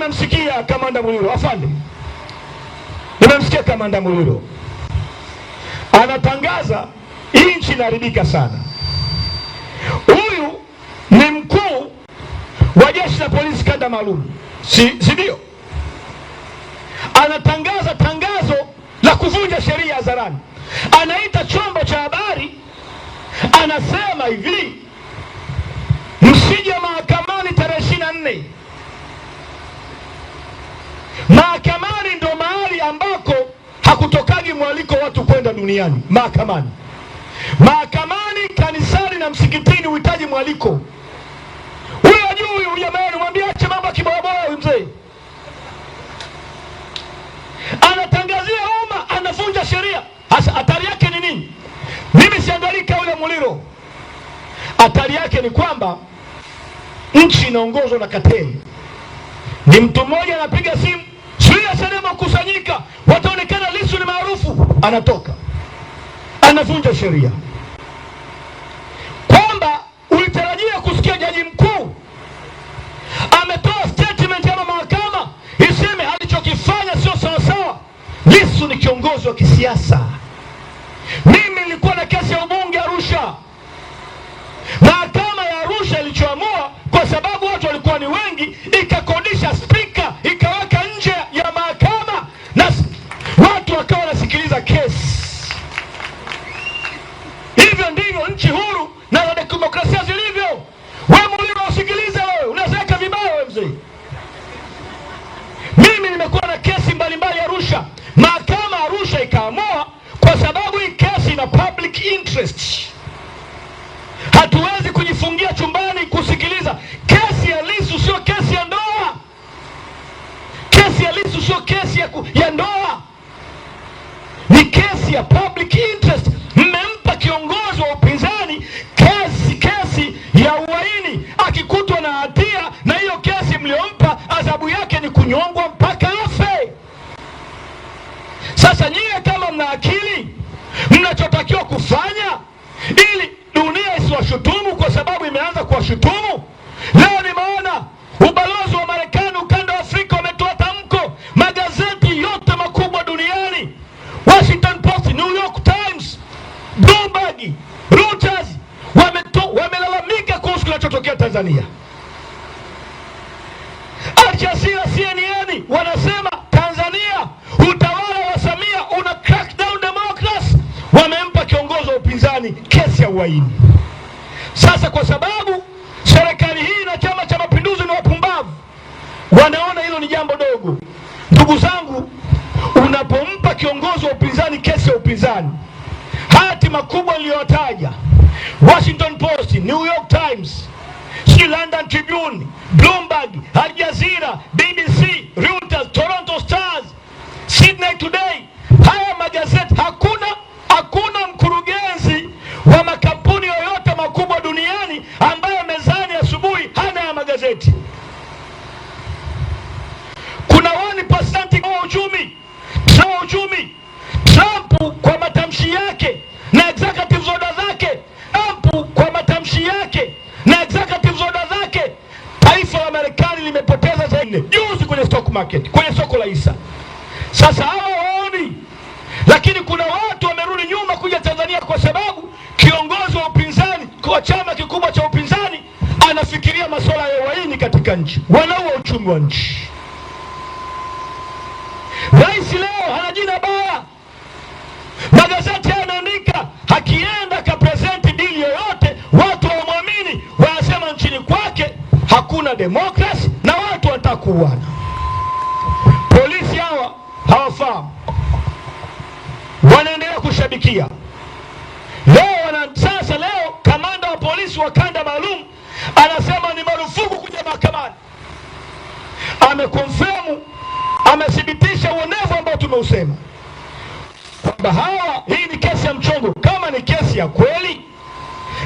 nimemsikia kamanda Muliro afande, nimemsikia kamanda Muliro anatangaza hii nchi inaharibika sana. Huyu ni mkuu wa jeshi la polisi kanda maalum, si ndio? Anatangaza tangazo la kuvunja sheria hadharani, anaita chombo cha habari, anasema hivi, msije mahakamani tarehe ishirini na nne Mahakamani ndo mahali ambako hakutokaji mwaliko watu kwenda duniani, mahakamani. Mahakamani, kanisani na msikitini uhitaji mwaliko. Huyo ajui huyu jamani, mwambie ache mambo ya Huyu mzee anatangazia umma, anavunja sheria. Hasa hatari yake ni nini? Mimi siangalii kauli Muliro. Hatari yake ni kwamba nchi inaongozwa na kateli, ni mtu mmoja anapiga simu ya Chadema kukusanyika, wataonekana Lissu ni maarufu, anatoka anavunja sheria. Kwamba ulitarajia kusikia jaji mkuu ametoa statement ama mahakama iseme alichokifanya sio sawasawa. Lissu ni kiongozi wa kisiasa. Mimi nilikuwa na kesi ya ubunge Arusha. Mahakama ya Arusha ilichoamua, kwa sababu watu walikuwa ni wengi Arusha ikaamua, kwa sababu hii kesi ina public interest. Hatuwezi kujifungia chumbani kusikiliza kesi ya Lissu. Sio kesi ya ndoa, kesi ya Lissu sio kesi ya, ya ndoa, ni kesi ya public interest. sababu imeanza kuwashutumu. Leo nimeona ubalozi wa Marekani ukanda wa Afrika wametoa tamko, magazeti yote makubwa duniani, Washington Post, New York Times, Bloomberg, Reuters wamelalamika wame kuhusu kinachotokea Tanzania. Al Jazeera, CNN wanasema Tanzania utawala wa Samia una crackdown democracy, wamempa kiongozi wa upinzani kesi ya uhaini. Sasa kwa sababu serikali hii na Chama cha Mapinduzi ni wapumbavu, wanaona hilo ni jambo dogo. Ndugu zangu, unapompa kiongozi wa upinzani kesi ya upinzani, hati makubwa niliyotaja, Washington Post, New York Times, sijui London Tribune, Bloomberg, Al Jazeera, BBC, Reuters, Toronto Stars, Sydney Today market kwenye soko la Isa. Sasa hao waoni, lakini kuna watu wamerudi nyuma kuja Tanzania kwa sababu kiongozi wa upinzani kwa chama kikubwa cha upinzani anafikiria masuala ya uhaini katika nchi, wanaua uchumi wa nchi. Rais leo hana jina baya, magazeti yanaandika akienda kapresenti dili yoyote, watu hawamwamini, wanasema nchini kwake hakuna demokrasi na watu wanataka hawafahamu, wanaendelea kushabikia leo wana. Sasa leo kamanda wa polisi wa kanda maalum anasema ni marufuku kuja mahakamani. Amekonfirmu, amethibitisha uonevu ambao tumeusema kwamba hawa, hii ni kesi ya mchongo. Kama ni kesi ya kweli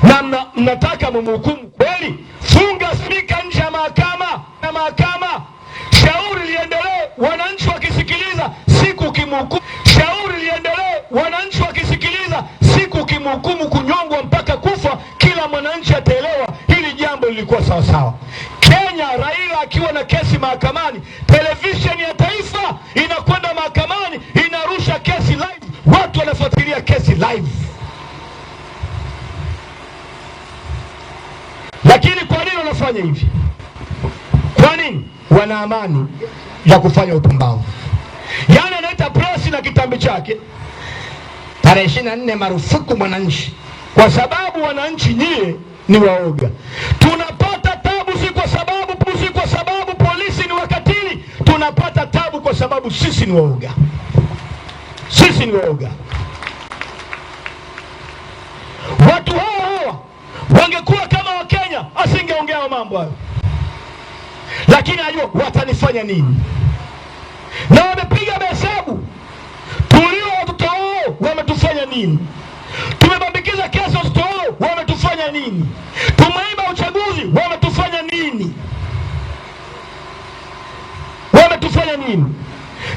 na mna, mnataka mumhukumu kweli, funga spika nje ya mahakama na mahakama, shauri liendelee, wananchi ukimhukumu, shauri liendelee, wananchi wakisikiliza. Siku ukimhukumu kunyongwa mpaka kufa, kila mwananchi ataelewa hili jambo lilikuwa sawasawa. Kenya, Raila akiwa na kesi mahakamani, televisheni ya taifa inakwenda mahakamani, inarusha kesi live, watu wanafuatilia kesi live. Lakini kwa nini wanafanya hivi? Kwa nini? Wana amani ya kufanya upumbavu. Yani kuleta presi na kitambi chake. Tarehe ishirini na nne marufuku mwananchi, kwa sababu wananchi nyie ni waoga. Tunapata tabu si kwa sababu si kwa sababu polisi ni wakatili, tunapata tabu kwa sababu sisi ni waoga, sisi ni waoga. Watu hao hawa wangekuwa kama Wakenya asingeongea wa mambo hayo, lakini ajua watanifanya nini na wamepiga nini? Tumebambikiza kesi hospitali, wametufanya nini? Tumeiba uchaguzi, wametufanya nini? Wametufanya nini?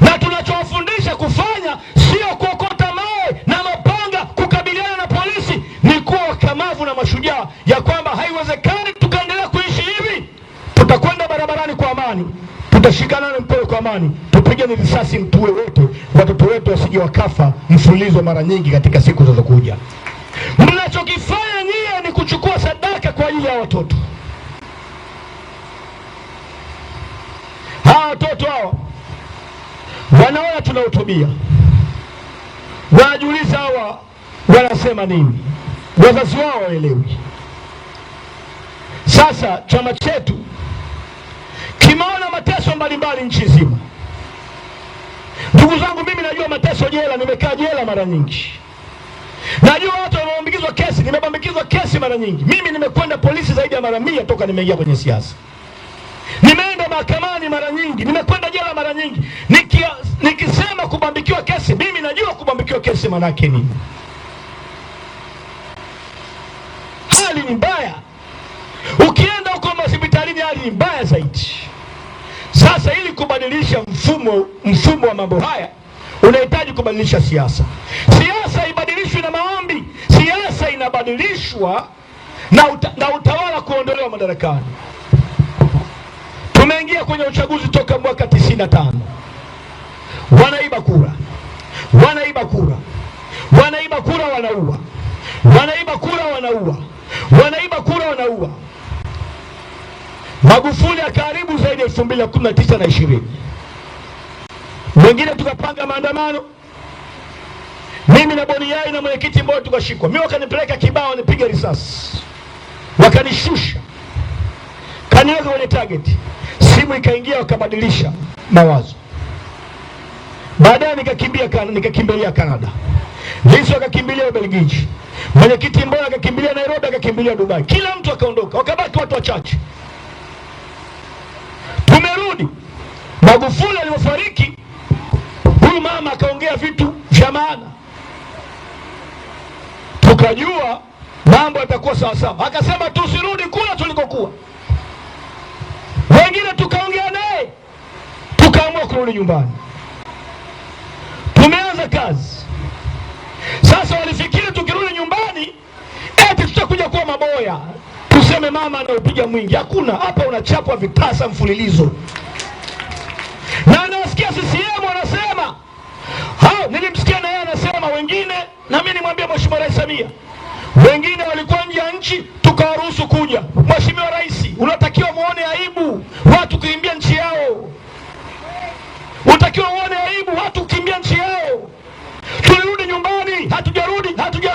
Na tunachowafundisha kufanya sio kuokota mawe na mapanga kukabiliana na polisi, ni kuwa wakamavu na mashujaa, ya kwamba haiwezekani tukaendelea kuishi hivi. Tutakwenda barabarani kwa amani, tutashikana na mpole kwa amani tupigeni risasi, mtuwe wote, watoto wetu wasije wakafa mfulizo mara nyingi katika siku zinazokuja. Mnachokifanya nyie ni kuchukua sadaka kwa ajili ya watoto hawa. Watoto hawa wanaona tunahutubia, wanajiuliza hawa wanasema nini? Wazazi wao waelewi. Sasa chama chetu kimeona mateso mbalimbali nchi nzima. Ndugu zangu, mimi najua mateso jela, nimekaa jela mara nyingi. Najua watu wanaoambikizwa kesi, nimebambikizwa kesi mara nyingi. Mimi nimekwenda polisi zaidi ya mara mia toka nimeingia kwenye siasa. Nimeenda mahakamani mara nyingi, nimekwenda jela mara nyingi. Nikia, nikisema kubambikiwa kesi, mimi najua kubambikiwa kesi maana yake nini. Hali ni mbaya, ukienda huko hospitalini hali ni mbaya zaidi. Sasa ili kubadilisha mfumo, mfumo wa mambo haya unahitaji kubadilisha siasa. Siasa ibadilishwe na maombi, siasa inabadilishwa na, uta, na utawala kuondolewa madarakani. Tumeingia kwenye uchaguzi toka mwaka 95 wanaiba kura, wanaiba kura, wanaiba kura, wanaua, wanaiba kura, wanaua, wanaiba kura, wanaua Magufuli akaharibu zaidi ya elfu mbili na kumi na tisa na ishirini. wengine tukapanga maandamano, mimi na Boniai na mwenyekiti Mbowe tukashikwa. Mimi wakanipeleka Kibao, wanipiga risasi, wakanishusha, kaniweka kwenye target. simu ikaingia, wakabadilisha mawazo. Baadaye nikakimbia nikakimbilia Kanada, Lissu akakimbilia Ubelgiji, mwenyekiti Mbowe akakimbilia Nairobi, akakimbilia Dubai, kila mtu akaondoka, wakabaki watu wachache. Nimerudi Magufuli aliyofariki, huyu mama akaongea vitu vya maana, tukajua mambo yatakuwa sawasawa. Akasema tusirudi kula tulikokuwa, wengine tukaongea naye, tukaamua kurudi nyumbani, tumeanza kazi sasa. Walifikiri tukirudi nyumbani eti tutakuja kuwa maboya. Usiseme mama anaupiga mwingi, hakuna hapa, unachapwa vitasa mfululizo na anawasikia CCM wanasema hao. Nilimsikia na yeye anasema wengine, na mimi nimwambia Mheshimiwa Rais Samia, wengine walikuwa nje ya nchi tukawaruhusu kuja. Mheshimiwa Rais, unatakiwa muone aibu watu kuimbia nchi yao, unatakiwa uone aibu watu kukimbia nchi yao. Tulirudi nyumbani, hatujarudi hatuja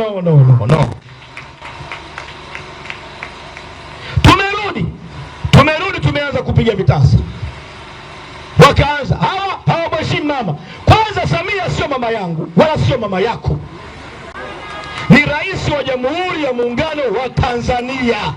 no, no, no, no. Tumerudi, tumerudi, tumeanza kupiga vitasa, wakaanza hawa hawamheshimu mama. Kwanza, Samia sio mama yangu wala sio mama yako, ni rais wa Jamhuri ya Muungano wa Tanzania.